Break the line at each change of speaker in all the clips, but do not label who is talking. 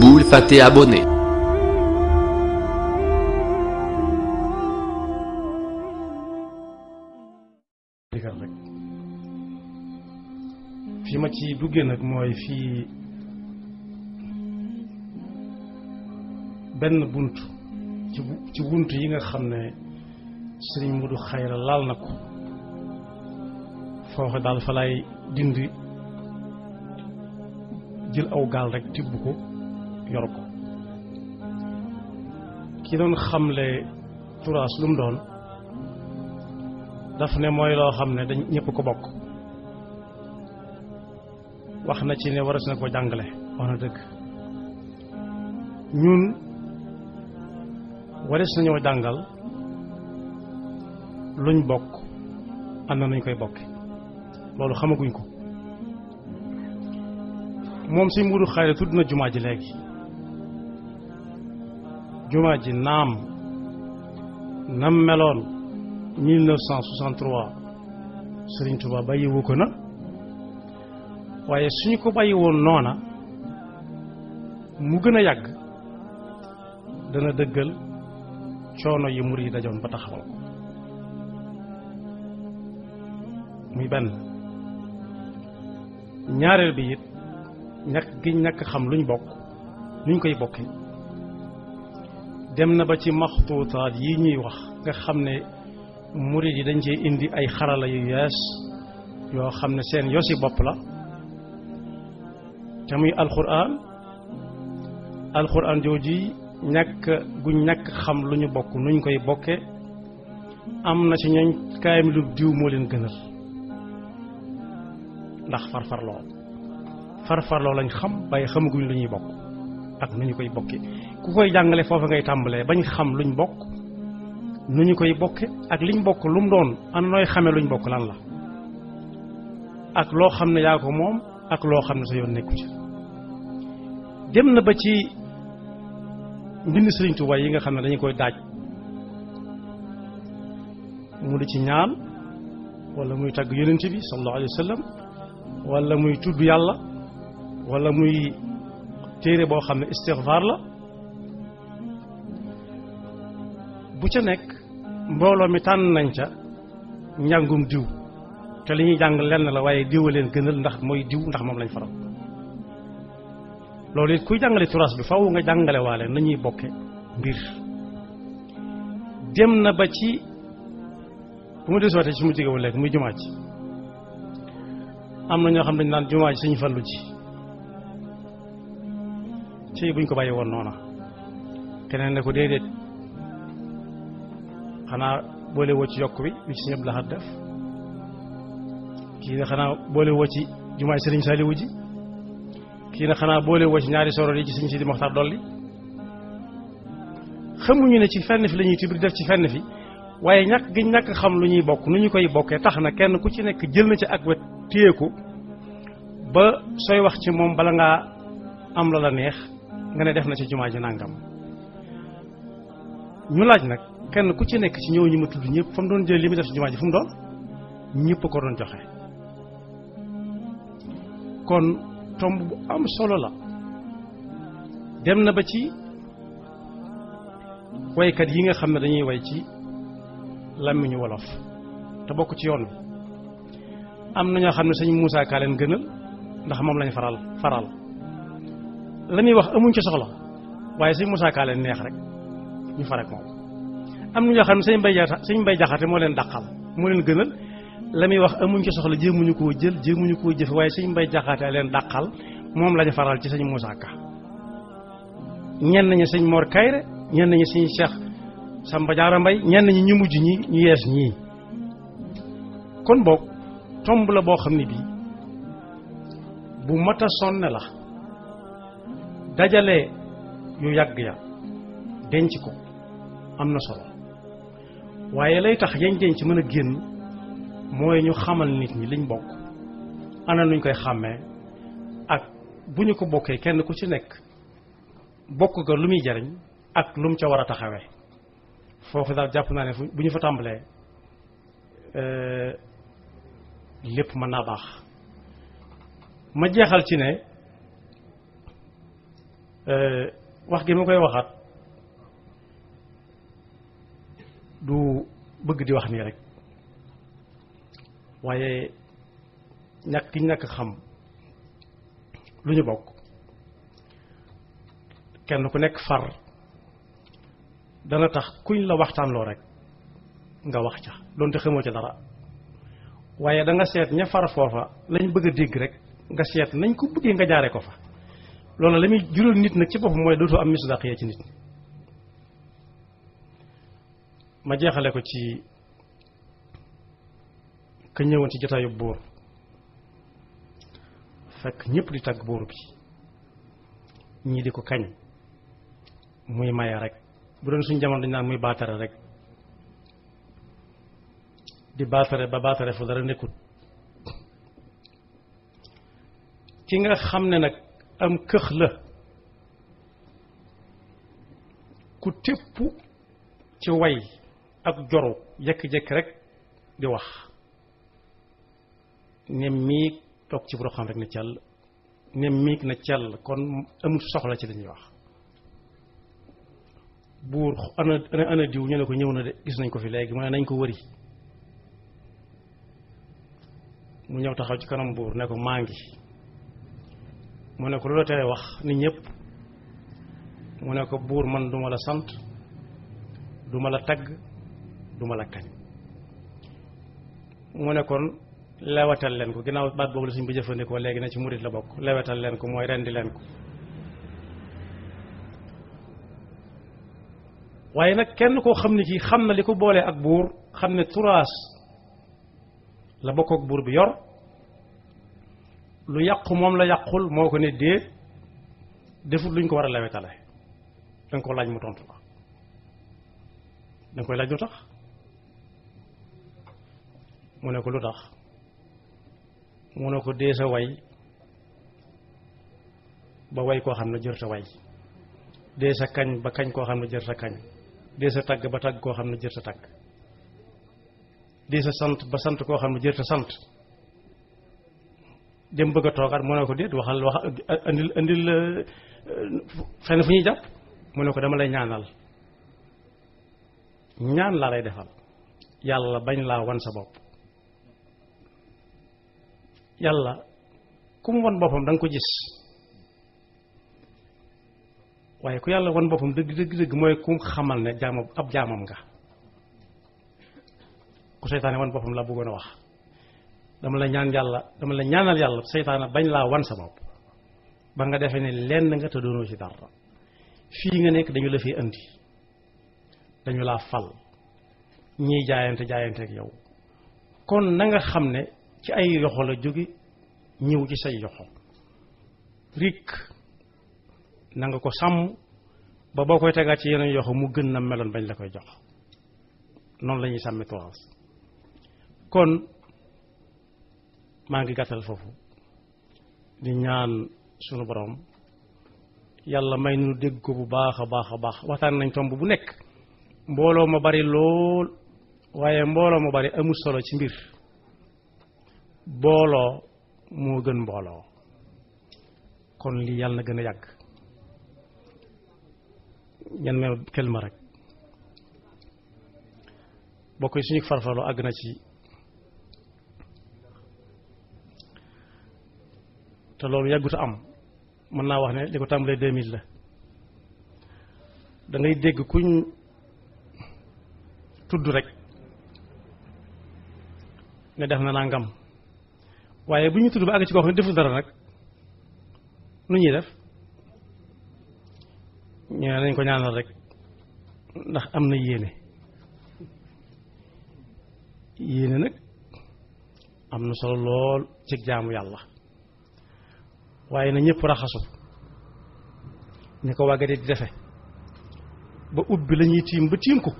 Boule Faté abonné. fi ma ci avec moi et ben buntu bunt ci ci bunt yi nga xam ne sëriñ Modou Khayra lal na ko dal falay dindi jël aw rek tibb ko yor ko ki doon xamle turaas lu mu doon daf ne mooy loo xam ne dañ ñëpp ko bokk wax na ci ne waras na ko jàngale wax na dëgg ñun waras nañoo jàngal luñ bokk am na nañ koy bokk loolu xamaguñ ko moom si mbuuru xaare tudd na jumaa ji léegi jumaa ji naam nam meloon 1963 Serigne Touba bàyyiwu ko na waaye suñu ko bàyyi woon noona mu gën a yàgg dana dëggal coono yi mur yi dajoon ba taxawal ko muy benn ñaareel bi it ñàkk gi ñàkk xam luñ bokk luñ koy bokkee dem na ba ci maxtuutaat yi ñuy wax nga xam ne murid yi dañ cee indi ay xarala yu yees yoo xam ne seen yosi bopp la te muy alxuraan alxuraan jooju ñàkk gu ñàkk xam lu ñu bokk nuñ koy bokke am na ci ñooñ kaayam lu diw moo leen gënal ndax farfarloo farfarloo lañ xam waaye xamaguñ lu ñuy bokk ak nu ñu koy bokke ku koy jàngale foofa ngay tàmbalee bañ xam luñ bokk nu ñu koy bokke ak liñ bokk lu doon an nooy xame luñ bokk lan la ak loo xam ne yaa ko moom ak loo xam ne sa yoon nekku ci dem na ba ci mbind Sëriñ Tuubaa yi nga xam ne dañu koy daaj mu di ci ñaan wala muy tagg yonent bi sallallahu alayhi wasallam wala muy tudd yàlla wala muy téere boo xam ne istigfaar la bu ca nekk mbooloo mi tànn nañ ca njàngum diw te li ñuy jàng lenn la waaye diw leen gënal ndax mooy diw ndax moom lañ faral loolu it kuy jàngale turas bi faw nga jàngale waale nañuy bokke mbir dem na ba ci bu ma desuwaatee ci mu jigéewul léegi muy jumaa ji am na ñoo xam dañ naan jumaa ji suñu fallu ji ci buñ ko bàyyi woon noona keneen ne ko déedéet xanaa boole woo ci yokk bi bi ci ñëpp laxat def kii na xanaa boole woo ci jumaay sëriñ Saliou ji kii na xanaa boole woo ci ñaari soroor yi ci sëriñ Sidi Moxtaar dolli xamuñu ne ci fenn fi la ñuy tibri def ci fenn fi waaye ñàkk gi ñàkk xam lu ñuy bokk nu ñu koy bokkee tax na kenn ku ci nekk jël na ci ak wet téye ko ba sooy wax ci moom bala ngaa am la la neex nga ne def na ci jumaa ji nangam ñu laaj nag kenn ku ci nekk ci ñëw ñu ma tudd ñëpp fa mu doon jëlee li mu def ci jumaa ji fu mu doon ñëpp ko doon joxe kon tomb bu am solo la dem na ba ci waykat yi nga xam ne dañuy woy ci làmmiñu wolof te bokk ci yoon am na ñoo xam ne sëñ Moussa Ka leen gënal ndax moom lañ faral faral la muy wax amuñ ci soxla waaye sëñ Moussa Ka neex rek ñu farek moom am na ñoo xam ne Mbay Jaxate sëñ Mbay Jaxate moo leen dàqal moo leen gënal la muy wax amuñ ci soxla jéemuñu koo jël jéemuñu koo jëfe waaye sëñ Mbay Jaxate a leen dàqal moom lañu faral ci sëñ Moussa Ka ñenn ñi sëñ Mor Kayre ñenn ñi sëñ Cheikh Samba Diarra Mbaye ñenn ñi ñu mujj ñi ñu yees ñii kon boog tomb la boo xam ne bii bu mat a sonn la dajale yu yàgg ya denc ko am na solo waaye lay tax yañ ci mën a génn mooy ñu xamal nit ñi liñ bokk ana nuñ koy xàmmee ak bu ñu ko bokkee kenn ku ci nekk bokk ga lu muy jariñ ak lu mu ca war a taxawee foofu daal jàpp naa ne fu bu ñu fa tàmbalee euh, lépp mën naa baax ma jeexal ci ne euh, wax gi ma koy waxaat bëgg di wax nii rek waaye ñàkk gi ñàkk xam lu ñu bokk kenn ku nekk far dana tax kuñ la waxtaanloo rek nga wax ca doonte xamoo ca dara waaye da nga seet ña far foofa lañ bëgg a dégg rek nga seet nañ ko bëggee nga jaaree ko fa loolu la muy jural nit nag ci bopp mooy dootoo am misdaqiya ci nit ñi ma jeexale ko ci ka ñëwoon ci jotaayu buur fekk ñépp di tagg buur bi ñii di ko kañ muy maye rek bu doon suñ jamono dañ naan muy baatare rek di baatare ba baatare fu dara nekkut ki nga xam ne nag am këx la ku tépp ci way ak joru jékki-jékki rek di wax ne miig toog ci bu xam rek na cell ne miig na cell kon amul soxla ci li ñuy wax buur ana ana diw ñu ne ko ñëw na de gis nañ ko fi léegi mu ne nañ ko wëri mu ñëw taxaw ci kanam buur ne ko maa ngi mu ne ko loolu tere wax nit ñëpp mu ne ko buur man duma la sant duma la tagg du ma la kañ mu ne kon lewetal leen ko ginnaaw baat boobu la suñ bu jëfandikoo léegi ne ci murit la bokk lawetal leen ko mooy rendi leen ko waaye nag kenn koo xam ne kii xam na li ko boolee ak buur xam ne turaas la bokk buur bi yor lu yàqu moom la yàqul moo ko ne dee defut luñ ko war a lewetale danga ko laaj mu tontu ko danga koy laaj lu tax mu ne ko lu tax mu ne ko dee sa way ba way koo xam ne jër sa way dee sa kañ ba kañ koo xam ne jër sa kañ dee sa tagg ba tagg koo xam ne jër sa tagg dee sant ba sant koo xam ne sa sant dem bëgg a toogaat mu ne ko déet waxal wax andil andil euh, fenn fu ñuy jàpp mu ne ko dama lay ñaanal ñaan laa lay defal yàlla bañ laa wan sa bopp Yalla, kum wan won bopam kujis, ko gis waye ku yalla won bopam deug deug deug moy kum xamal ne jaamam ab jamam nga ku setan won bopam la bëggoon wax dama la ñaan yalla dama la ñaanal yalla setan bañ la wan sa bop ba nga defé ne lenn nga ta doono ci dara fi nga nek dañu la fi andi dañu la fal ñi jaayante jaayante ak yow kon na nga xamne ci ay loxo la jóge ñëw ci say joxo rik na nga ko sàmm ba boo koy tegaat ci yeneen joxo mu gën na meloon bañ la koy jox noonu la ñuy kon maa ngi gàttal foofu di ñaan sunu borom yàlla may nu dégg ko bu baax a baax a baax waxtaan nañ tomb bu nekk mbooloo ma bari lool waaye mbooloo ma bari amu solo ci mbir booloo moo gën mbooloo kon lii yàlla na gën a yàgg ñan ma kel ma rek bokk yi suñu farfarloo àgg na ci te loolu yàggut a am mën naa wax ne li ko tàmbalee 2000 la dangay ngay dégg kuñ tudd rek ne def na nangam waaye bu ñu tudd ba àgg ci koo xam ne deful dara nag nu ñuy def ñu nañ ko ñaanal rek ndax am na yéene yéene nag am na solo lool ci jaamu yàlla waaye na ñëpp raxasu ñu ko wàggatee di defe ba ubbi la ñuy tiim ba tiim ko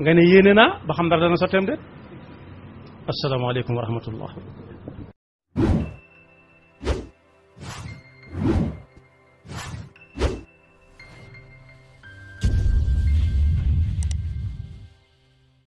nga ne yéene naa ba xam dara dana sotteem de asalaamaaleykum wa rahmatullah